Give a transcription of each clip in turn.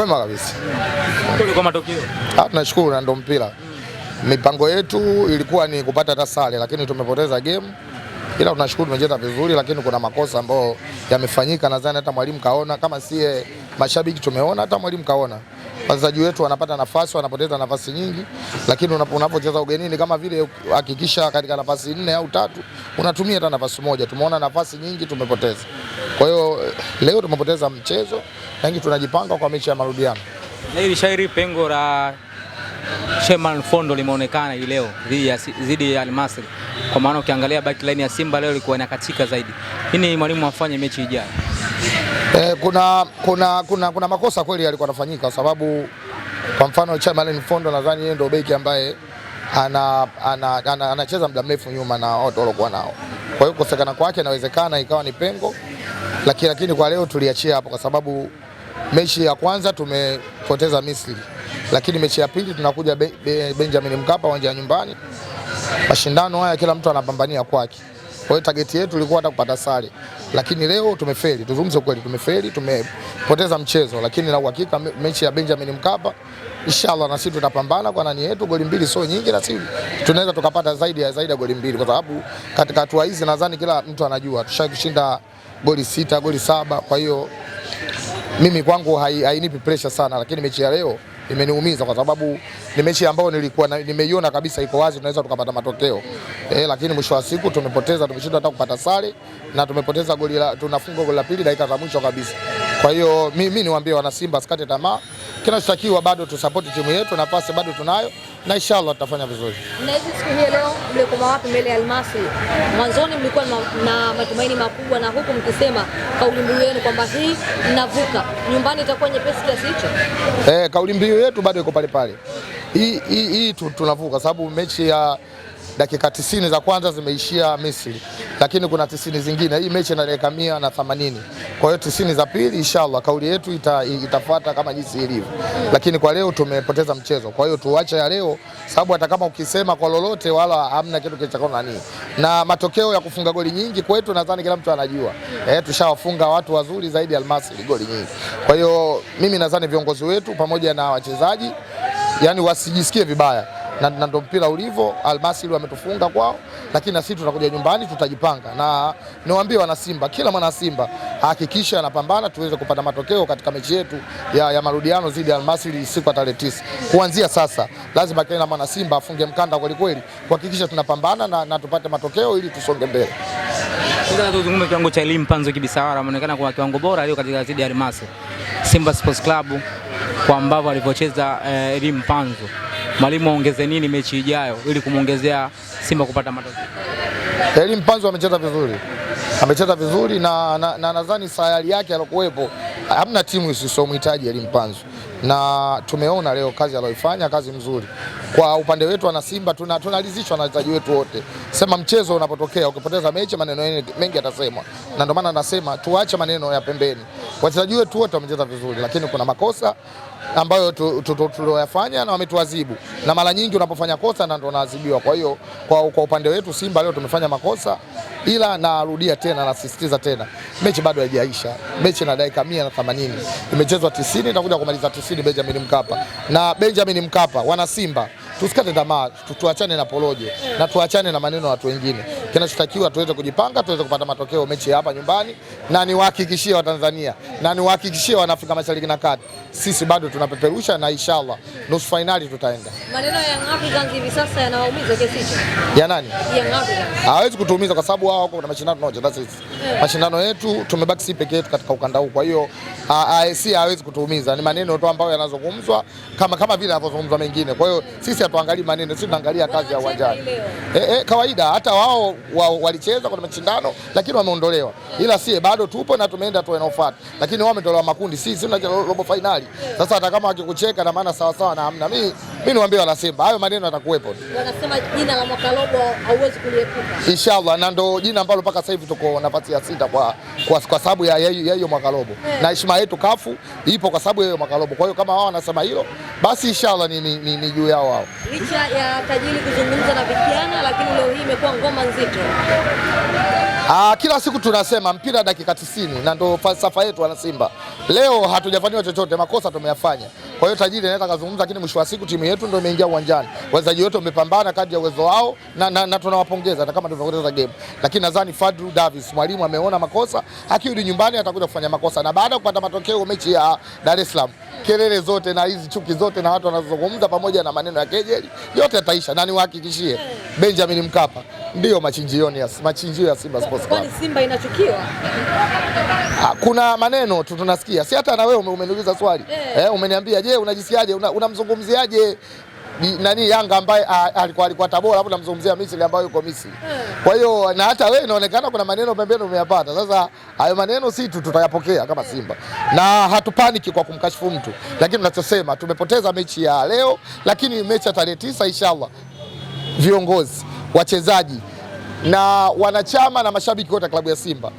Kwema kabisa. Kwa matokeo. Ah, tunashukuru na ndo mpira. Mipango yetu ilikuwa ni kupata hata sare lakini tumepoteza game. Ila tunashukuru tumecheza vizuri lakini kuna makosa ambayo yamefanyika nadhani hata mwalimu kaona kama sie mashabiki tumeona hata mwalimu kaona. Wachezaji wetu wanapata nafasi, wanapoteza nafasi nyingi, lakini unapocheza ugenini kama vile, hakikisha katika nafasi nne au tatu unatumia hata nafasi moja. Tumeona nafasi nyingi tumepoteza. Kwa hiyo leo tumepoteza mchezo, na lakini tunajipanga kwa mechi ya marudiano. Hili shairi pengo la Sheman Fondo limeonekana hii leo dhidi ya ya Almasri, kwa maana ukiangalia backline ya Simba leo ilikuwa inakatika zaidi. Nini mwalimu afanye mechi ijayo? Eh, kuna, kuna, kuna, kuna makosa kweli yalikuwa yanafanyika kwa sababu kwa mfano Chamberlain Fondo nadhani yeye ndio beki ambaye anacheza ana, ana, ana, ana muda mrefu nyuma na watu waliokuwa nao, kwa hiyo kosekana kwake inawezekana ikawa ni pengo lakini, lakini kwa leo tuliachia hapo kwa sababu mechi ya kwanza tumepoteza Misri, lakini mechi ya pili tunakuja be, be, Benjamin Mkapa, uwanja wa nyumbani. Mashindano haya kila mtu anapambania kwake, kwa hiyo target yetu ilikuwa hata kupata sare, lakini leo tumefeli. Tuzungumze kweli, tumefeli, tumepoteza mchezo, lakini na uhakika mechi ya Benjamin Mkapa, inshallah na sisi tutapambana kwa nani yetu. Goli mbili sio nyingi, na sisi tunaweza tukapata zaidi ya zaidi ya goli mbili, kwa sababu katika hatua hizi nadhani kila mtu anajua tushakushinda goli sita, goli saba. Kwa hiyo mimi kwangu hainipi hai pressure sana, lakini mechi ya leo imeniumiza kwa sababu ni mechi ambayo nilikuwa nimeiona kabisa iko wazi tunaweza tukapata matokeo e, lakini mwisho wa siku tumepoteza, tumeshindwa hata kupata sare na tumepoteza goli la, tunafunga goli la pili dakika za mwisho kabisa. Kwa hiyo mimi niwaambie wana Simba, sikate tamaa, kinachotakiwa bado tusapoti timu yetu, nafasi bado tunayo na inshallah tutafanya vizuri. Na hizi siku hii leo mlikuwa wapi mbele ya Almasi? Mwanzoni mlikuwa na matumaini makubwa, na huku mkisema kauli mbiu yenu kwamba hii mnavuka, nyumbani itakuwa nyepesi kiasi hicho? Eh, kauli mbiu yetu bado iko pale pale, hii hii tunavuka, sababu mechi ya dakika 90 za kwanza zimeishia Misri, lakini kuna tisini zingine. Hii mechi ina dakika mia na themanini, kwa hiyo tisini za pili inshallah kauli yetu ita, itafuata kama jinsi ilivyo, lakini kwa leo tumepoteza mchezo, kwa hiyo tuache ya leo, sababu hata kama ukisema kwa lolote wala hamna kitu kilichokuwa nani, na matokeo ya kufunga goli nyingi kwetu nadhani kila mtu anajua eh, tushawafunga watu wazuri zaidi Almasri goli nyingi. Kwa hiyo mimi nadhani viongozi wetu pamoja na wachezaji yani wasijisikie vibaya na na ndo mpira ulivyo. Almasiri wametufunga kwao, lakini na sisi tutakuja nyumbani tutajipanga, na niwaambie wana Simba, kila mwana Simba hakikisha anapambana tuweze kupata matokeo katika mechi yetu ya, ya marudiano dhidi ya Almasri siku ya tarehe tisa. Kuanzia sasa lazima kila mwana Simba afunge mkanda kweli kweli kuhakikisha tunapambana na, na tupate matokeo ili tusonge mbele. Tuzungumze kiwango cha elimu. Panzo Kibisawara ameonekana kwa kiwango bora leo katika dhidi ya Almasri Simba Sports Club kwa ambavyo alivyocheza eh, elimu eh, Panzo mwalimu aongeze nini mechi ijayo ili kumwongezea Simba kupata matokeo? Eli Mpanzu amecheza vizuri, amecheza vizuri na, na, na sayari yake alokuwepo hamna timu isiyomhitaji Eli Mpanzu na tumeona leo kazi aliyoifanya, kazi mzuri kwa upande wetu. Wana Simba tunalizishwa na wachezaji wetu wote. Sema mchezo unapotokea, ukipoteza mechi maneno mengi yatasemwa, na ndio maana nasema tuache maneno ya pembeni. Wachezaji wetu wote wamecheza vizuri, lakini kuna makosa ambayo tulioyafanya na wametuadhibu, na mara nyingi unapofanya kosa na ndo unaadhibiwa. Kwa hiyo kwa, kwa upande wetu Simba leo tumefanya makosa, ila narudia tena, nasisitiza tena, mechi bado haijaisha. Mechi na dakika mia na themanini imechezwa tisini itakuja kumaliza tisini Benjamin Mkapa na Benjamin Mkapa wana Simba tusikate tamaa, tuachane na poloje na tuachane na maneno ya watu wengine. Kinachotakiwa tuweze kujipanga, tuweze kupata matokeo mechi hapa nyumbani, na niwahakikishie Watanzania na niwahakikishie Wanaafrika Mashariki na Kati, sisi bado tunapeperusha na inshallah nusu fainali tutaenda. Maneno ya Young Africans hivi sasa yanawaumiza kiasi Ya nani? Ya Africans. Hawezi kutuumiza kwa sababu wao wako na mashindano tunayocheza sisi. Eh. Mashindano yetu tumebaki sisi peke yetu katika ukanda huu, kwa hiyo AFC hawezi kutuumiza. Ni maneno tu ambayo yanazungumzwa kama kama vile yanavyozungumzwa mengine, kwa hiyo sisi tuangalie maneno, sisi tunaangalia kazi ya uwanjani. Eh, eh, kawaida hata wao walicheza kwenye mashindano lakini wameondolewa, ila sie bado tupo na tumeenda tu inaofuata, lakini wao wametolewa makundi, sisi tunacheza robo finali. Sasa hata kama wakikucheka na maana sawa sawa na hamna, mimi mimi niwaambie wana Simba, hayo maneno yatakuwepo. Wanasema jina la mwaka robo hauwezi kuliepuka, inshallah, na ndo jina ambalo mpaka sasa hivi tuko nafasi ya sita kwa, kwa, kwa sababu ya hiyo mwaka robo yeah. na heshima yetu kafu ipo kwa sababu ya hiyo mwaka robo. Kwa hiyo kama wao wanasema hilo, basi inshallah ni, ni, ni, ni juu yao wao licha ya tajiri kuzungumza na vijana, lakini leo hii imekuwa ngoma nzito. Aa, ah, kila siku tunasema mpira dakika 90 na ndo falsafa yetu wana Simba. Leo hatujafanywa chochote, makosa tumeyafanya. Kwa hiyo tajiri anaweza kuzungumza, lakini mwisho wa siku timu yetu ndio imeingia uwanjani. Wachezaji wote wamepambana kadri ya uwezo wao na, na, na tunawapongeza hata kama tunapoteza game. Lakini nadhani Fadlu Davis mwalimu ameona makosa, akirudi nyumbani atakuja kufanya makosa na baada ya kupata matokeo mechi ya Dar es Salaam kelele zote na hizi chuki zote na watu wanazozungumza pamoja na maneno ya kejeli yote yataisha, na niwahakikishie Benjamin Mkapa Ndiyo, machinjio ya, machinjio ya Simba Sports Club. Kwani Simba inachukiwa? Ah, kuna maneno tu tunasikia, si hata na wewe umeniuliza swali hey. Eh. eh, umeniambia je, unajisikiaje? Unamzungumziaje? una nani Yanga ambaye ah, alikuwa alikuwa Tabora hapo, namzungumzia Misri ambaye yuko Misri. Eh. Kwa hiyo na hata wewe inaonekana kuna maneno pembeni umeyapata. Sasa hayo maneno si tu tutayapokea kama eh. Simba, na hatupaniki kwa kumkashifu mtu, lakini tunachosema tumepoteza mechi ya leo, lakini mechi ya tarehe tisa, inshallah viongozi wachezaji na wanachama na mashabiki wote klabu ya Simba,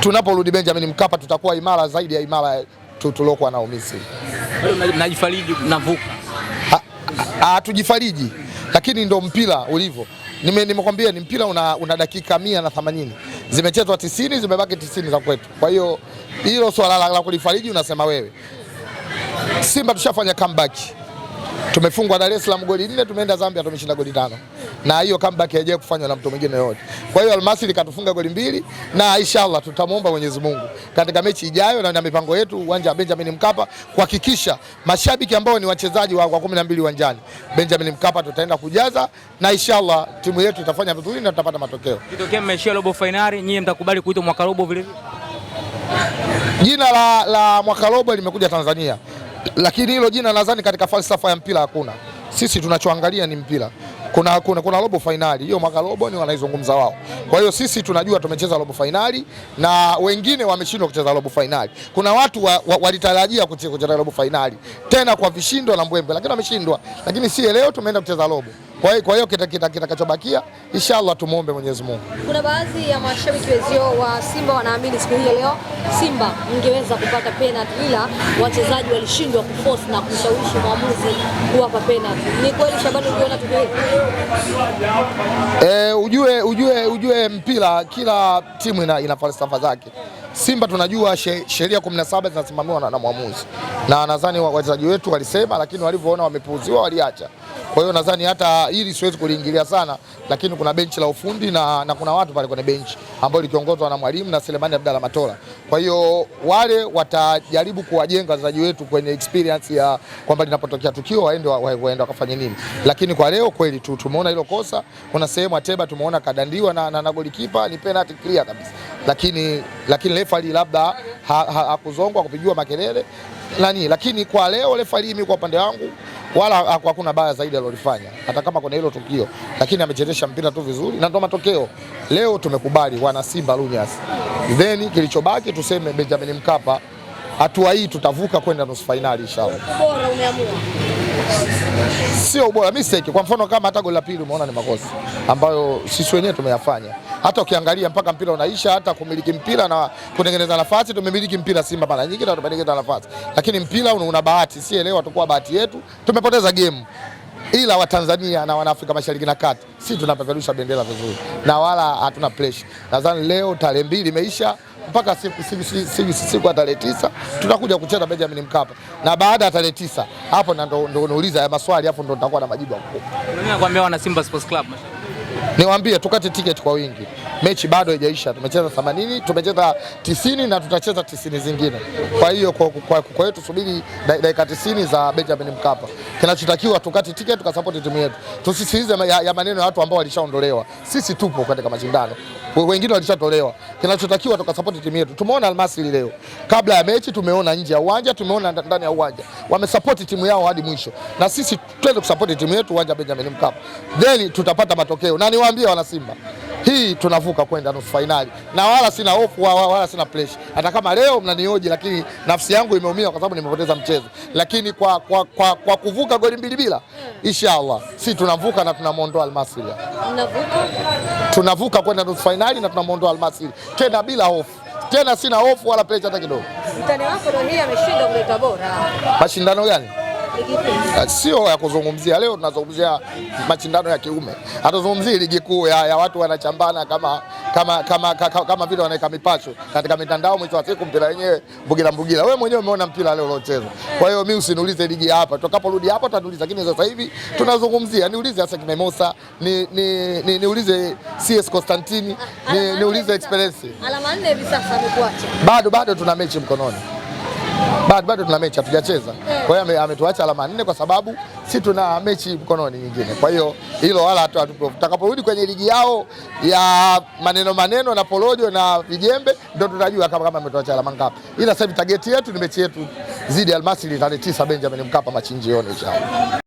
tunaporudi Benjamin Mkapa tutakuwa imara zaidi ya imara tuliokuwa nao Misri. Najifariji, navuka, hatujifariji, lakini ndo mpira ulivyo. Nimekwambia ni mpira una, una dakika mia na themanini zimechezwa tisini, zimebaki tisini za kwetu. Kwa hiyo hilo swala la kulifariji unasema wewe, Simba tushafanya comeback. Tumefungwa Dar es Salaam goli nne, tumeenda Zambia tumeshinda goli tano, na hiyo comeback haijawahi kufanywa na mtu mwingine yoyote. Kwa hiyo Almasry katufunga goli mbili, na inshallah tutamwomba Mwenyezi Mungu katika mechi ijayo na mipango yetu uwanja wa Benjamin Mkapa kuhakikisha mashabiki ambao ni wachezaji wa 12 uwanjani Benjamin Mkapa tutaenda kujaza, na inshallah timu yetu itafanya vizuri na tutapata matokeo. Kitokea mmeshia robo finali, nyinyi mtakubali kuitwa mwaka robo vile vile? Jina la, la mwaka robo limekuja Tanzania lakini hilo jina nadhani katika falsafa ya mpira hakuna. Sisi tunachoangalia ni mpira. Kuna, kuna, kuna robo fainali hiyo mwaka robo ni wanaizungumza wao. Kwa hiyo sisi tunajua tumecheza robo fainali na wengine wameshindwa kucheza robo fainali. Kuna watu walitarajia wa, walitarajia kucheza robo fainali tena kwa vishindo na mbwembe, lakini wameshindwa. Lakini si leo tumeenda kucheza robo. Kwa hiyo kitakachobakia kita, kita inshallah tumuombe Mwenyezi Mungu. Kuna baadhi ya mashabiki wezio wa Simba wanaamini siku hii leo Simba ingeweza kupata penalty, ila wachezaji walishindwa kuforce na kushawishi mwamuzi kuwapa penalty. Ni kweli Shabani, uliona tukio Eh, ujue, ujue, ujue mpira kila timu ina, ina falsafa zake. Simba tunajua sheria 17 zinasimamiwa na, na mwamuzi na nadhani wachezaji wetu walisema, lakini walivyoona wamepuuziwa waliacha kwa hiyo nadhani hata hili siwezi kuliingilia sana, lakini kuna benchi la ufundi na, na kuna watu pale kwenye benchi ambao likiongozwa na mwalimu na Selemani Abdalla Matola. Kwa hiyo wale watajaribu kuwajenga wachezaji wetu kwenye experience ya kwamba linapotokea tukio waende waende wakafanye nini, lakini kwa leo kweli tu tumeona hilo kosa. Kuna sehemu Ateba tumeona kadandiwa na, na, na golikipa ni penalty clear kabisa, lakini lakini refari labda hakuzongwa ha, ha, kupigiwa makelele nani, lakini kwa leo refari mimi kwa upande wangu wala hakuna baya zaidi alilofanya, hata kama kuna hilo tukio, lakini amechezesha mpira tu vizuri, na ndio matokeo leo tumekubali, wana Simba Lunyas. Then kilichobaki tuseme Benjamin Mkapa, hatua hii tutavuka kwenda nusu fainali inshallah sio ubora mistake. Kwa mfano kama hata goli la pili umeona ni makosa ambayo sisi wenyewe tumeyafanya, hata ukiangalia mpaka mpira unaisha, hata kumiliki mpira na kutengeneza nafasi tumemiliki mpira Simba mara nyingi na tumetengeneza nafasi, lakini mpira una bahati, sielewa tukua bahati yetu, tumepoteza game ila Watanzania na Wanaafrika Mashariki na Kati, si tunapeperusha bendera vizuri na wala hatuna pressure. Nadhani leo tarehe mbili imeisha mpaka siku, siku, siku, siku ya tarehe tisa tutakuja kucheza Benjamin Mkapa, na baada ya tarehe tisa hapo ndo nauliza ya maswali, hapo ndo nitakuwa na majibu. Niwaambie tukate tiketi kwa wingi mechi bado haijaisha. Tumecheza 80, tumecheza 90 na tutacheza 90 zingine. Kwa hiyo kwa kwa, kwa hiyo tusubiri dakika 90 za Benjamin Mkapa. Kinachotakiwa tukati tiketi tukasapoti timu yetu, tusisilize ya, ya maneno ya watu ambao walishaondolewa. Sisi tupo katika mashindano, wengine walishatolewa. Kinachotakiwa tukasapoti timu yetu. Tumeona Almasiri leo, kabla ya mechi tumeona nje ya uwanja, tumeona ndani ya uwanja, wamesapoti timu yao hadi mwisho, na sisi twende kusapoti timu yetu uwanja Benjamin Mkapa, then tutapata matokeo, na niwaambie wana Simba hii tunavuka kwenda nusu fainali, na wala sina hofu wala, wala sina pressure. Hata kama leo mnanioji, lakini nafsi yangu imeumia kwa sababu nimepoteza mchezo, lakini kwa, kwa, kwa, kwa kuvuka goli mbili bila, hmm. inshallah si tunavuka na tunamwondoa Almasiri, tunavuka kwenda nusu fainali na tunamwondoa Almasiri tena bila hofu tena, sina hofu wala pressure hata kidogo. Mtani wako ndio ameshinda kuleta bora. Mashindano gani? Ah, sio ya kuzungumzia. Leo tunazungumzia mashindano ya kiume, hatuzungumzii ligi kuu ya, ya watu wanachambana kama kama kama kama, kama vile wanaweka mipacho katika mitandao. Mwisho wa siku mpira wenyewe bugira mbugila. Wewe mwenyewe umeona mpira leo uliochezwa. Kwa hiyo mimi usiniulize ligi hapa, tukaporudi hapa tutauliza, lakini sasa hivi tunazungumzia, niulize hasa Kimemosa, ni ni, ni niulize CS Constantine, ni, niulize experience. Alama nne hivi sasa amekuacha. Bado bado tuna mechi mkononi bado bado tuna mechi hatujacheza. Kwa hiyo ametuacha alama nne kwa sababu si tuna mechi mkononi nyingine. Kwa hiyo hilo wala tutakaporudi kwenye ligi yao ya maneno maneno na porojo na vijembe ndio tutajua kama kama ametuacha alama ngapi. Ila sasa hivi target yetu ni mechi yetu zidi Almasri tarehe 9 Benjamin Mkapa machinjioni inshallah.